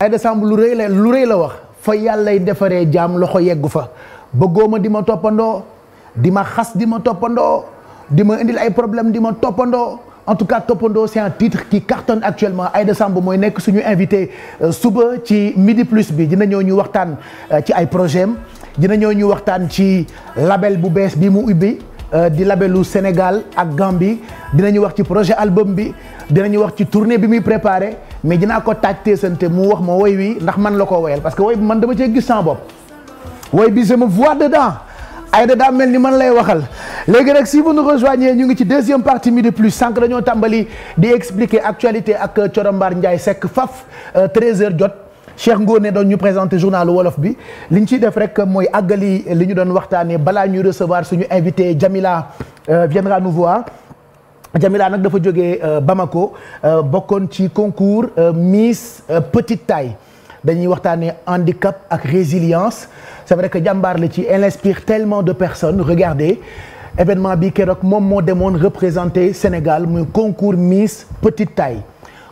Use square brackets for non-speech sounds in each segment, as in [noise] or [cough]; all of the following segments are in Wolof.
Aïda Samb lu rëy la lu rëy la wax fa yàllay defaree jaam loxo yeggu fa bëggoo ma di ma toppandoo di ma xas di ma toppandoo di ma indil ay problème di ma toppandoo en tout cas toppandoo c'est un titre qui cartonne actuellement Aïda Samb mooy nekk suñu invité euh, suba ci midi plus bi dina ñëw ñu waxtaan euh, ci ay projet am dina ñëw ñu waxtaan ci label bu bees bi mu ubbi Euh, di labelu Sénégal ak dina dinañu wax ci projet album bi dinañu wax ci tournée bi muy préparé mais dinaa ko taaj teesante mu wax ma woy wi ndax man la ko woyal parce que woy bi man dama cee gis sama bopp woy bi je me vois dedans Aïda daa mel ni man lay waxal léegi rek si vous nous rejoignez ñu ngi ci deuxième partie mi de plus sànq dañoo tàmbali di expliquer actualité ak Corombaar Ndiaye Seck faf 13h euh, jot. Cheikh Ngoné doon ñu présenter journal wolof bi li ñu ciy def rek mooy àggali li ñu doon waxtaanee balaa ñuy recevoir suñu invité Jamila euh, viendra nous Jamila nag dafa jógee euh, Bamako euh, bokkoon ci concours Miss Petite Taille dañuy waxtaanee handicap ak résilience c'est vrai que jàmbaar la ci elle inspire tellement de personnes regardez événement bi keroog moom moo demoon représenter Sénégal muy concours Miss Petite Taille.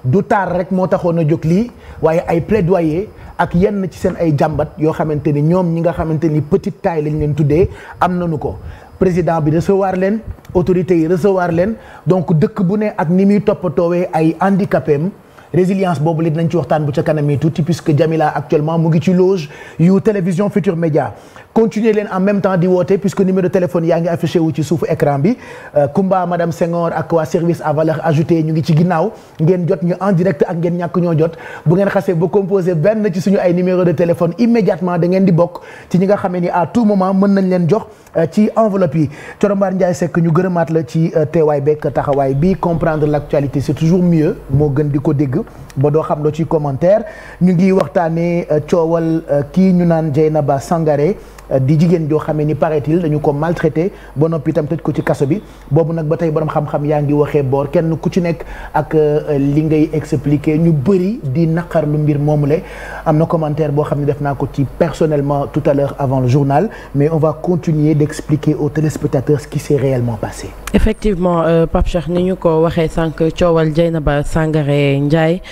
du taar rek moo taxoon a jóg lii waaye ay plaidoyer ak yenn ci seen ay jàmbat yoo xamante ni ñoom ñi nga xamante ni petite taille lañ leen tuddee am nañu ko président bi recevoir leen autorités yi recevoir leen donc dëkk bu ne ak ni muy topp toppatoowee ay handicapé am résilience boobu li nañ ci waxtaan bu ca kanam yi tuuti puisque Jamila actuellement mu ngi ci loge yu télévision Futur Média continuer leen en même temps di woote puisque numéro téléphone yaa ngi affiché wu ci suufu écran bi euh, Kumba madame Senghor ak waa service à valeur ajoutée ñu ngi ci ginnaaw ngeen jot ñu en direct ak ngeen ñàkk ñoo jot bu ngeen xasee ba composé benn ci suñu ay numéro de téléphone immédiatement da ngeen di bokk ci ñi nga xamee ni à tout moment mën nañ leen jox euh, ci enveloppe yi Corombaar Ndiaye Seck ñu gërëmaat la ci euh, teewaay beeg taxawaay bi comprendre l'actualité c'est toujours mieux moo gën di ko dégg ba doo xam loo ciy commentaire ñu ngi waxtaanee coowal kii ñu naan Dieynaba Sangare Euh, di jigéen joo xamee ni paraît-il dañu ko maltraité ba noppi tam tëj ko ci kaso bi boobu nag ba tey borom xam-xam yaa ngi waxee boor kenn ku ci nekk ak euh, li ngay expliqué ñu bëri di naqar lu mbir moomule am na commentaire boo xam ne def naa ko ci personnellement tout à l'heure avant le journal mais on va continuer d'expliquer aux téléspectateurs ce qui s'est réellement passé. effectivement euh, Pape Cheikh ni ñu ko waxee sànq coowal Dieynaba Sangaré Ndiaye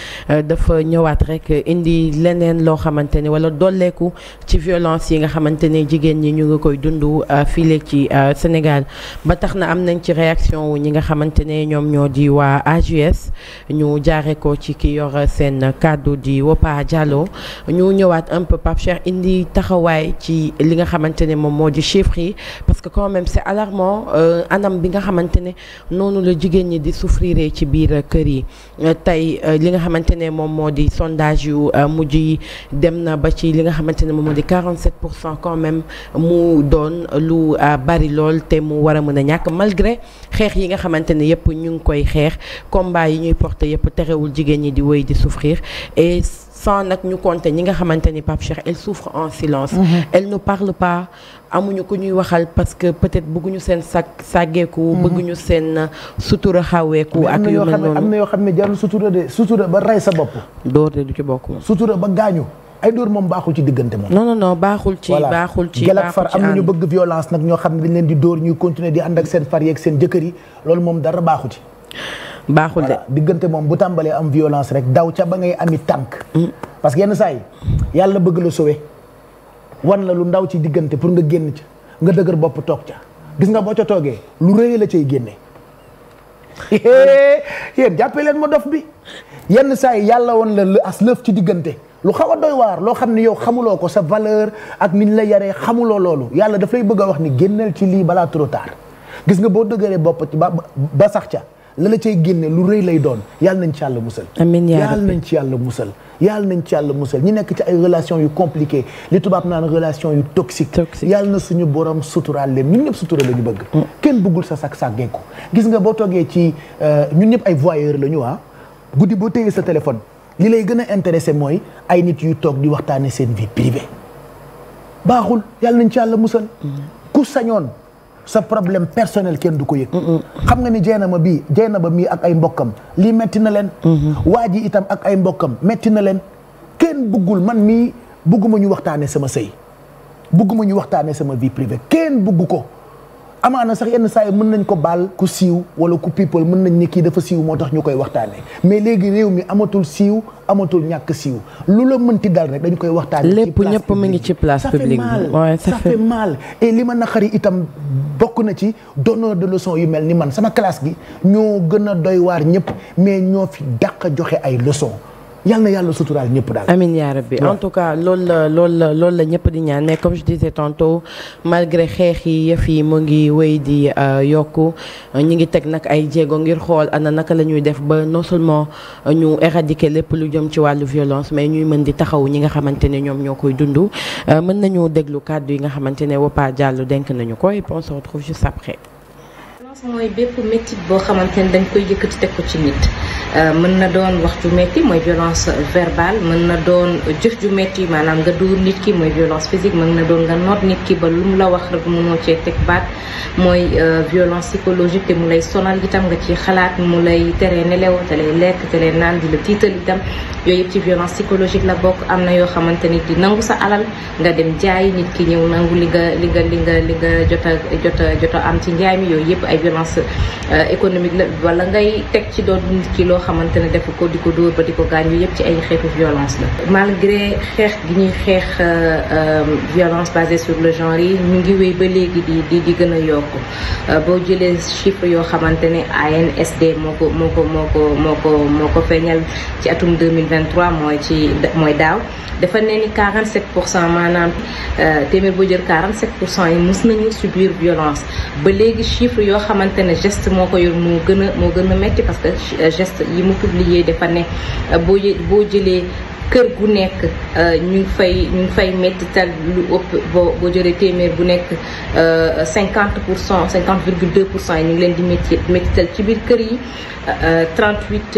dafa ñëwaat rek indi leneen loo xamante ni wala dolleeku ci jigéen ñi ñu ngi koy dund euh, file ci euh, Sénégal ba tax na am nañ ci réaction wu ñi nga xamante ne ñoom ñoo di waa AGS ñu jaare ko ci ki yor seen kàddu di Wopa Diallo ñu ñëwaat un peu Pape Cheikh indi taxawaay ci li nga xamante ne moom moo di chiffres yi parce que quand même c'est alarmant euh, anam bi nga xamante ne noonu la jigéen ñi di souffrir ci biir kër yi tey euh, li nga xamante ne moom moo di sondage yu euh, mujj yi dem na ba ci li nga xamante ne moom moo di 47 pour cent quand même mu doon lu euh, bari lool te mu war a mën a ñàkk malgré xeex yi nga xamante ne yëpp ñu ngi koy xeex combat yi ñuy porté yëpp terewul jigéen ñi di wéy di souffrir et sans nag ñu compter ñi nga xamante ni Pape Cheikh elle souffre en silence. Mm-hmm. elle ne parle pas amuñu ku ñuy waxal parce que peut-être bëgguñu seen sag sàggeeku. Mm-hmm. bëgguñu seen euh, sutura xaweeku. ak yu mel noonu am na yoo xam ne jarul sutura de sutura ba rey sa bopp. door de du ci bokk. sutura ba gaañu. ay dóor moom baaxul ci diggante moom. non non non baaxul ci baaxul ci voilà far am na ñu bëgg violence nag ñoo xam ne dañ leen di dóor ñuy continuer di ànd ak seen far yeeg seen jëkkër yi loolu moom dara baaxu ci. baaxul de diggante moom bu tàmbalee am violence rek daw ca ba ngay ami tànk. Mm. parce que yenn saa yi yàlla bëgg la sowe wan la lu ndaw ci diggante pour nga génn ca nga dëgër bopp toog ca gis nga boo ca toogee lu rëy la cay génne. [laughs] yéen jàppee leen ma dof bi yenn saa yàlla woon la as lëf ci diggante lu xaw a doy waar loo xam ne yow xamuloo ko sa valeur ak min la yaree xamuloo loolu yàlla daf bëgg a wax ni génnal ci lii balaa trop gis nga boo dëgëree bopp ba ba sax ca. la la cay génne lu rëy lay doon yàlla nañ ci yàlla musal amiin yàlla nañ ci yàlla musal yàlla nañ ci yàlla musal ñi nekk ci ay relation yu compliqué li tubaab naan relation yu toxique yàlla na suñu borom suturaal leen ñun ñëpp sutura la ñu bëgg mm. kenn buggul sa sag sàggeeku gis nga boo toogee ci euh, ñun ñëpp ay voyeur la ñu ah guddi boo téyee sa téléphone li lay gën a intéressé mooy ay nit yu toog di waxtaane seen vie privée baaxul yàlla nañ ci yàlla musal mm. ku sañoon sa problème personnel kenn du ko yëg. xam nga ni ma bi Jeynaba na Jeynaba mii ak ay mbokkam lii metti na leen. waa ji itam ak ay mbokkam metti na leen kenn buggul man mii bëgguma ñu waxtaanee sama sëy ma ñu waxtaanee sama vie privée kenn buggu ko. amaana sax yenn saa yi mën nañ ko baal ku siiw wala ku people mën nañ ni kii dafa siiw moo tax ñu koy waxtaanee mais léegi réew mi amatul siiw amatul ñàkk siiw lu la mënti dal rek dañ koy waxtaanee. lépp ñëpp mu ngi ci place publique bi ça fait mal et li ma naqari itam bokk na ci donneur de leçon yu mel ni man sama classe gi ñoo gën a doy waar ñëpp mais ñoo fi dàq joxe ay leçon yal yàlla suturaal ñëpp daal. amiin yaa rabbi en tout cas lool la lool la loolu la ñëpp di ñaan mais comme je disais tantôt malgré xeex yi yëf yi mu ngi wéy di euh, yokk ñi ngi teg nag ay jéego ngir xool ana naka la ñuy def ba non seulement ñu éradiquer lépp lu jëm ci wàllu violence mais ñuy mën di taxaw ñi nga xamante ne ñoom ñoo koy dund. Euh, mën nañu déglu kàddu yi nga xamante ne Wapa Diallo denk nañu koy et puis on se retrouve violence mooy bépp métit boo xamante ne dañ koy yëkkati teg ko ci nit euh, mën na doon wax ju metti mooy violence verbale mën na doon jëf ju metti maanaam nga dóor nit ki mooy violence physique mën na doon nga noot nit ki ba lu mu la wax rek mënoo cee teg baat mooy euh, violence psychologique te mu lay sonal tam nga ci xalaat mu lay teree nelew te lay lekk te lay naan di la tiital itam yooyu yëpp ci violence psychologique la bokk am na yoo xamante ni di nangu sa alal nga dem jaay nit ki ñëw nangu li nga li li nga li nga jot a jot jot am ci njaay yooyu yëpp ay violence euh, économique la wala ngay teg ci doon nit ki loo xamante ne def ko di ko dóor ba di ko gaañ yëpp ci ay xeetu violence la. malgré xeex gi ñuy xeex euh, euh, violence basée sur le yi ñu ngi wéy ba léegi di di di gën a yokku boo jëlee chiffre yoo xamante ne ANSD moo ko moo ko moo ko moo ko moo ko feeñal ci atum 2023 mooy ci mooy daaw dafa ne ni 47 pour cent maanaam téeméer boo jël 47 pour cent yi mus nañu subir violence ba léegi chiffre yoo xam xamante ne gest moo ko yor moo gën a moo gën a métti parce que euh, geste yi mu publier dafa ne euh, boo boo jëlee kër gu nekk euh, ñu ngi fay ñu ngi fay mettital lu ëpp boo boo jëlee téeméer bu nekk euh, cinquante pour cent cinquante virgule deux pour cent yi ñu ngi leen di métti mettital ci biir kër yi euh, trente huit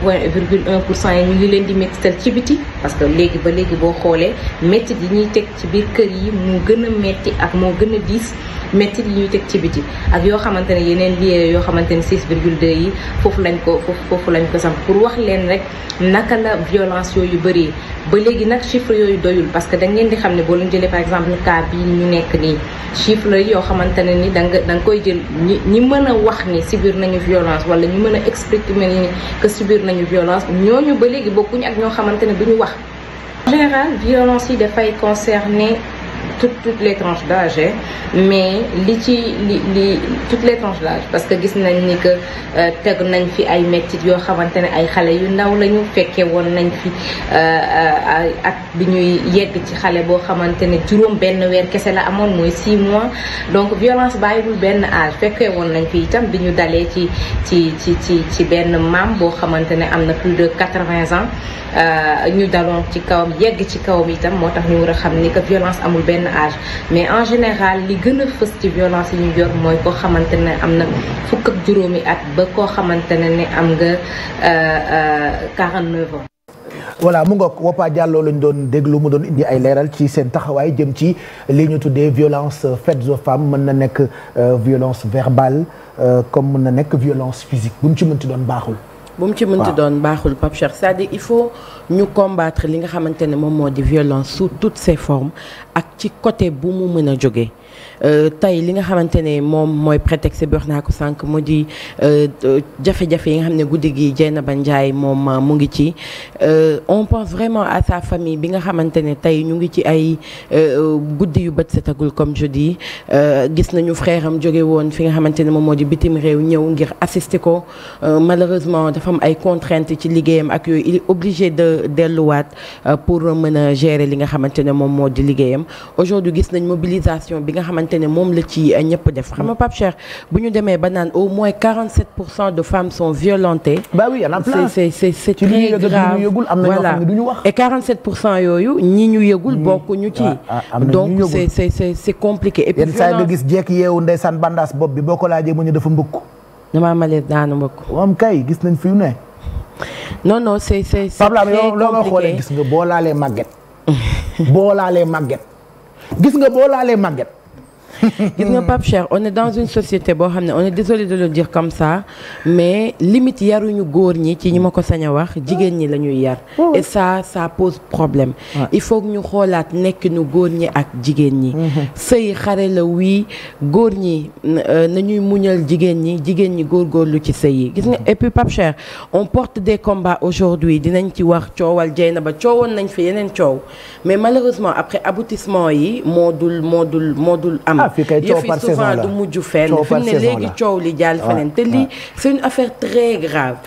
point virgule un pour cent yi ñu ngi leen di mettital ci biti parce que léegi ba léegi boo xoolee mettit yi ñuy teg ci biir kër yi moo gën a metti ak moo gën a diis mettit yi ñuy teg ci biti ak yoo xamante ne yeneen lieu yoo xamante ne six virgule yi foofu lañ ko foofu lañ ko samp pour wax leen rek naka la violence yooyu bëri chiffres yi ba léegi nag chiffres yooyu doyul parce que da ngeen di xam ne boo leen jëlee par exemple cas bii ñu nekk nii chiffres yoo xamante ne ni da nga da nga koy jël ñi ñi mën a wax ni biir nañu violence wala ñu mën a exprimer ni que subir nañu violence ñooñu ba léegi bokkuñu ak ñoo xamante ne duñu wax en général violence yi dafay concerner toutes tout les tranches d'âge mais li ci li li toutes les tranches parce que gis nañ ni que euh, tegu nañ fi ay mettit yoo xamante ne ay xale yu ndaw lañu fekkee woon nañ fi euh, euh, at bi ñuy yegg ci xale boo xamante ne juróom benn kese la amoon mooy six mois donc violence bàyyiwul benn fekkee woon nañ fi itam bi ñu dalee ci ci ci ci ci benn maam boo xamante ne am na plus de quatre-vingts ans ñu daloon ci kawam yegg ci kawam itam moo tax ñu war a xam ni que violence amul benn âge mais en général li gën a fës ci violence yi ñu mooy koo xamante ne am na fukk ak juróomi at ba koo xamante ne ne am nga 49 euh, euh, ans. voilà mu ngoog Wapa jàlloo lañ doon déglu mu doon indi ay leeral ci seen taxawaay jëm ci li ñu tuddee violence faite aux femmes mën na nekk euh, violence verbale comme mën na nekk violence physique bu mu ci mënti doon baaxul. bu mu ci mënti doon baaxul Pape Cheikh cest il faut. ñu combattre li nga xamante ne moom moo di violence sous toutes ses formes ak ci côté bu mu mën a jógee Euh, tey li nga xamante ne moom mooy prétexte bi wax naa ko sànq mu di euh, jafe-jafe yi nga xam ne guddi gi ba njaay moom euh, mu ngi ci on pense vraiment à sa famille bi nga xamante ne tey ñu ngi ci ay guddi yu bët setagul comme je dis gis nañu frère am jóge woon fi nga xamante ne moom moo di bitim réew ñëw ngir assister ko malheureusement dafa am ay contraintes ci liggéeyam ak yooyu il est obligé de delluwaat pour mën a gérer li nga xamante ne moom moo di liggéeyam xamante ne moom la ci euh, ñëpp def xam nga Pape Cheikh bu ñu demee ba naan au moins 47 pour cent de femmes sont violentées. bah oui y très grave voilà et 47 pour cent yooyu ñi ñu yëgul bokkuñu ci. Ah, ah, donc c'est c'est c'est c'est compliqué. et yenn saa nga gis jekk yeewu ndeysaan bandaas bopp bi boo ko laajee mu ñu dafa mbëkk. damaa male daanu mbëkk. moom kay gis nañ fi ne. non non c'est c'est c'est très compliqué gis nga boo laalee màgget. [laughs] boo laalee màgget. gis nga boo laalee màgget. gis nga Pape Cheikh on est dans une société boo xam ne on est désolé de le dire comme ça mais limite yaruñu góor ñi ci ñi ma ko sañ a wax jigéen ñi la ñuy yar. et ça ça pose problème. il faut ñu xoolaat nekkinu góor ñi ak jigéen ñi. Mhm. sëy xare la wii góor ñi euh, nañuy muñal jigéen ñi jigéen ñi góor góor lu ci sëy yi gis nga mhm. et puis Pape on porte des combats aujourd'hui dinañ ci wax coowal jey na ba coowoon nañ fi yeneen coow mais malheureusement après aboutissement yi moo dul moo dul moo dul am. Eh, ah fii kay coow par saison la yëf yi souvent du mujj fenn fi ne léegi coow li jaal feneen te ah. lii c'est affaire très grave.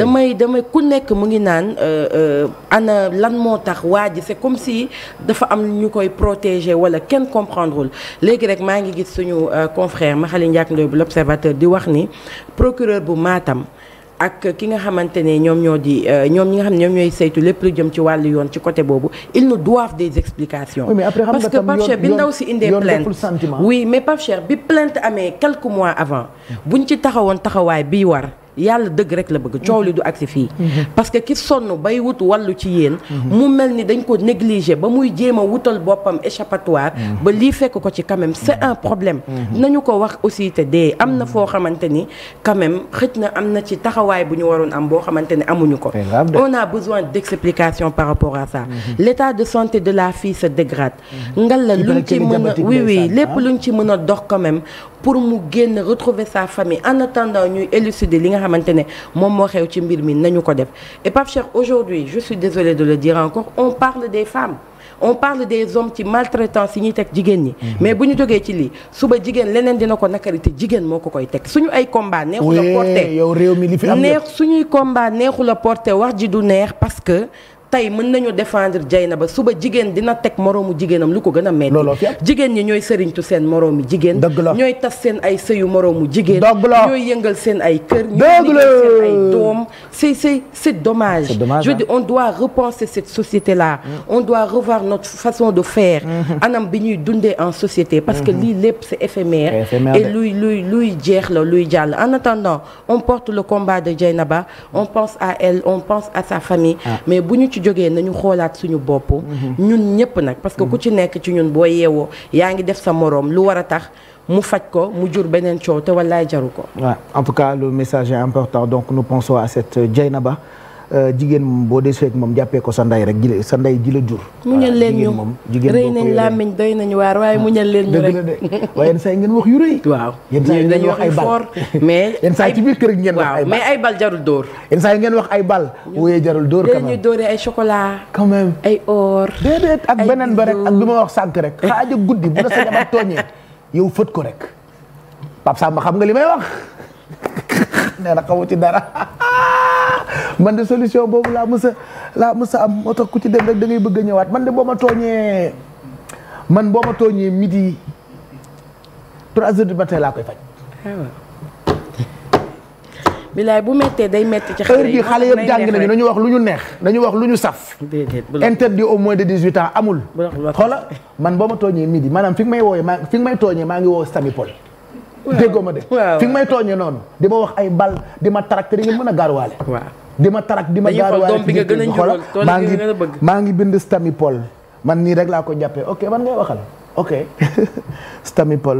damay damay ku nekk mu ngi naan euh, euh, ana lan moo tax waa ji c'est comme si dafa am ñu koy protéger wala kenn comprendrewul léegi rek maa ngi gis suñu euh, confrère Makhali Ndiak Ndoye bu l'observateur di wax ni procureur bu maatam ak ki nga xamante ne ñoom ñoo di euh, ñoom ñi nga xam ne ñoom ñooy saytu lépp lu jëm ci wàllu yoon ci côté boobu ils nous doivent des explications. Oui, mais après, parce que Pape bi ndaw si indee plainte oui mais Pape Cheikh bi plainte amee quelques mois avant buñ ci taxawoon taxawaay bi war. yàlla dëgg rek la bëgg coow li du agsi fii mhm. parce que ki sonn bay wut wàllu ci yéen mhm. mu mel ni dañ ko négligé ba muy jéem a wutal boppam échappatoire mhm. ba lii fekk ko ci quand même c'est un problème nañu ko wax aussi te dee am na foo xamante ni quand même na am na ci taxawaay bu ñu waroon am boo xamante ne amuñu ko on a besoin d'explication par rapport à ça l'état de santé de la fille se dégrade ngal la luñ ci mën a oui oui lépp luñ ci mën a dox quand pour mu génn retrouver sa famille xamante ne moom moo xew ci mbir mi nañu ko def et Pape Cheikh aujourd'hui je suis désolée de le dire encore on parle des femmes on parle des hommes ci maltraitance yi ñuy teg jigéen ñi. Mhm. mais bu ñu jógee ci lii suba jigéen leneen dina ko nakari te jigéen moo ko koy teg suñu ay combat neexu porté yow réew mi combat neexu porté wax ji du neex parce que tey mën nañu défendre ba suba jigéen dina teg moroomu jigéenam lu ko gën a metti jigéen ñi ñooy sëriñtu seen moroomi jigéen ñooy tas seen ay sëyu moroomu jigéen ñooy yëngal seen ay kër ñooy yëngal seen ay doom c'est c'est c'est dommage je dis on doit repenser cette société là mm. on doit revoir notre façon de faire mm-hmm. anam bi ñuy dundee en société parce que mm-hmm. lii lépp c'est éphémère et luy luy luy jeex la luy jàll en attendant on porte le combat de Dieynaba on pense à on pense à ci jógee nañu xoolaat suñu bopp. Mhm. ñun ñëpp nag parce que ku mhm. ci nekk ci ñun boo yeewoo yaa ngi def sa moroom lu war a tax. mu faj ko mu jur beneen coow te wallaay jaru ko. waaw en tout cas le message est important donc nous pensons à cette Dieynaba Euh, jigéen boo dee seeg moom jàppee ko sa nday rek jile sa ndey jile jur muñal leen ñu moom jigéen rëy nañ làmmiñ doy nañu waar waaye ah, muñal leen ñu rek waaye yenn saa yi ngeen wax yu rëy wax ay bal mais [laughs] yenn saa yi ci biir kër gi ngeen wax ay bal mais ay bal jarul dóor yenn saa yi ngeen wax ay bal wooyee jarul dóor quand même dóoree ay chocolat quand même ay or déedéet ak beneen ba rek ak bi ma wax sànk rek [laughs] xaaja guddi bu la sa jabar tooñee yow fët ko rek Pape Samba xam nga li may wax [laughs] nee na xamu ci dara man de solution boobu laa mës a laa mës a am moo tax ku ci dem rek da bëgg ñëwaat man de boo ma tooñee man boo ma tooñee midi trois heures de matin laa koy faj. bu méttee day métti ci xale yi xale yëpp jàng nañu nañu wax lu ñu neex nañu wax lu ñu saf. interdit au moins de dix-huit ans amul. xoola man boo ma tooñee midi maanaam fi may woowe maa fi nga may tooñee maa ngi woo Samipol. déggoo ma de fi nga may tooñee noonu di ma wax ay bal di ma tracté di nga mën a gaaruwaale. waaw di ma tarak di ma gaaruwaale ci nit xoolal maa ngi maa ngi bind stamipol man nii rek laa ko jàppee ok man ngay waxal ok [laughs] stamipol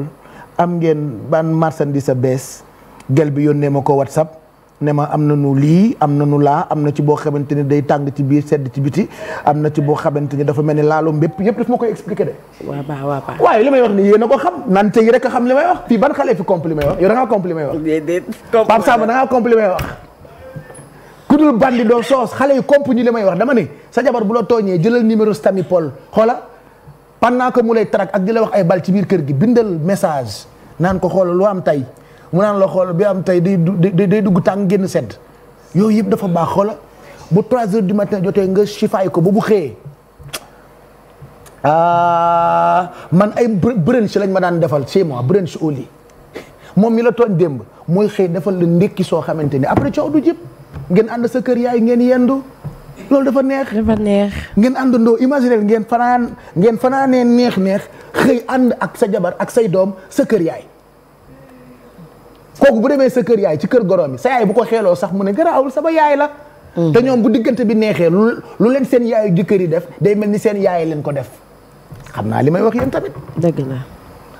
am ngeen ban marchandise a bees gel bi yónnee ma ko whatsapp ne ma am na nu lii am na nu laa am na ci boo xamante ni day tàng ci biir sedd ci biti am na ci boo xamante ni dafa mel ni laalo bépp yëpp daf ma koy expliqué de. waaw waaye li may wax ni yéen a ko xam nante yi rek a xam li may wax fii ban xale fi compli may wax yow da ngaa compli may wax. déedéet Pape wax. ku dul bandi doo soos xale yi komp ñu li may wax dama ne sa jabar bu la tooñee jëlal numéro Stamipol xoola pendant que mu lay track ak di la wax ay bal ci biir kër gi bindal message naan ko xool lu am tey mu naan la xool bi am tey day day dugg tàng génn sedd yooyu yëpp dafa baax xoola bu 3 heures du matin jotee nga sifaay ko ba bu xëyee ah, man ay brunch lañ ma daan defal chez moi brunch au lit moom mi la tooñ démb mooy xëy defal la ndékki soo xamante ni après coow du jëpp ngeen ànd sa kër yaay ngeen yendu loolu dafa neex. dafa neex. ngeen àndandoo imaginer ngeen fanaan ngeen fanaanee neex neex xëy ànd ak sa jabar ak say doom sa kër yaay kooku bu demee sa kër yaay ci kër goroom yi sa yaay bu ko xeeloo sax mu ne garaawul sama yaay la. Mm. te ñoom bu diggante bi neexee lu lu leen seen yaayu jëkkër yi def day mel ni seen yaay leen ko def xam naa li may wax yéen tamit. dëgg la.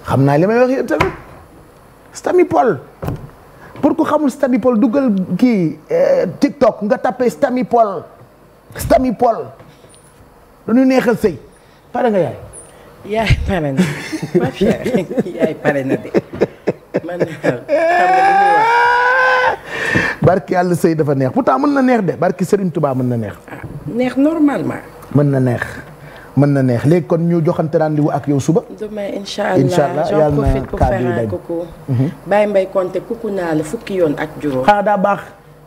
xam naa li may wax yéen Paul. pour ku xamul Stanipol duggal kii eh, TikTok nga tapé Stanipol Stanipol dañu neexal sëy pare nga yaay. yaay pare na ma chère yaay pare na de man barki yàlla sëy dafa neex pourtant mën na neex de barki Serigne Touba mën na neex. Ah, neex normalement. mën na neex. mën na neex léegi kon ñu joxante rendez-vous ak yow suba. demain incha allah incha ko j'en mhm. naa la fukki yoon ak juróom. ah daa baax.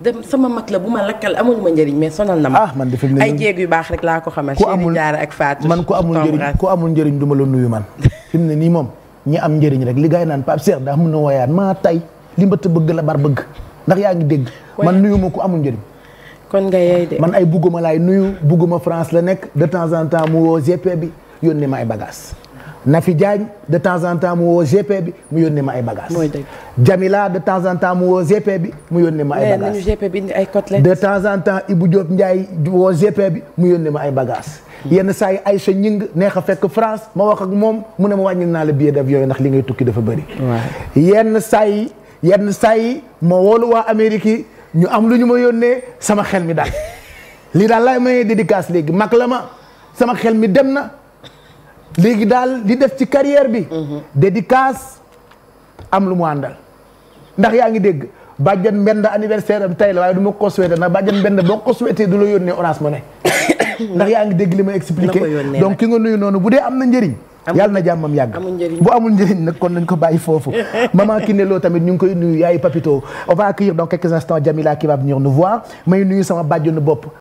dem sama mag la bu ma lakkal amul ma njëriñ mais sonal na ma. Ah, man defe ay jéeg yu baax rek laa ko xamal. ku amul jaara ak Fatou man ku amul njëriñ ku amul du ma la nuyu man. [laughs] fi ne nii moom ñi am njëriñ rek li gaay naan Pape Cheikh daa mun na woyaat maa tay li mbëtt bëgg la bar bëgg ndax yaa ngi dégg man nuyu ma ku amul njëriñ kon nga yey de man ay bugguma laay nuyu bugguma France la nekk de temps en temps mu woo GP bi de temps en temps mu woo mu yónnee ma ay bagages. mooy dëgg Jamila de temps en temps mu woo GP bi mu yónnee ma ay bagages ay côtelettes. de temps en temps Ibou Diop Ndiaye woo GP bi mu yónnee ma ay bagages. yenn saa ay sa ñing neex a fekk France ma wax ak moom mu ne ma wàññil naa la billet d'avion yooyu ndax li ngay tukki dafa bëri. yenn saa yenn saa ma woolu waa Amérique ñu am lu ñu ma yónnee sama xel mi daal lii daal laay mayee dédicace léegi mag la ma sama xel mi dem na léegi daal di def ci carrière bi. Mhm. dédicace am lu mu àndal. ndax yaa ngi dégg bàjjan mbend anniversaire am tay la waaye du ma ko souhaité ndax bàjjan mbend boo ko du la yónnee Orange Money [coughs] ndax yaa ngi dégg li ma expliqué donc ki nga nuyu noonu bu dee am na njëriñ. yàlla na jàmmam yàgg bu amul njëriñ nag kon nañ ko bàyyi foofu [laughs] maman Kiné Lo tamit ñu ngi koy nuyu yaay Papito on va accueillir dans quelques instants Jamila qui va venir nous voir may nuyu sama bàjjenu bopp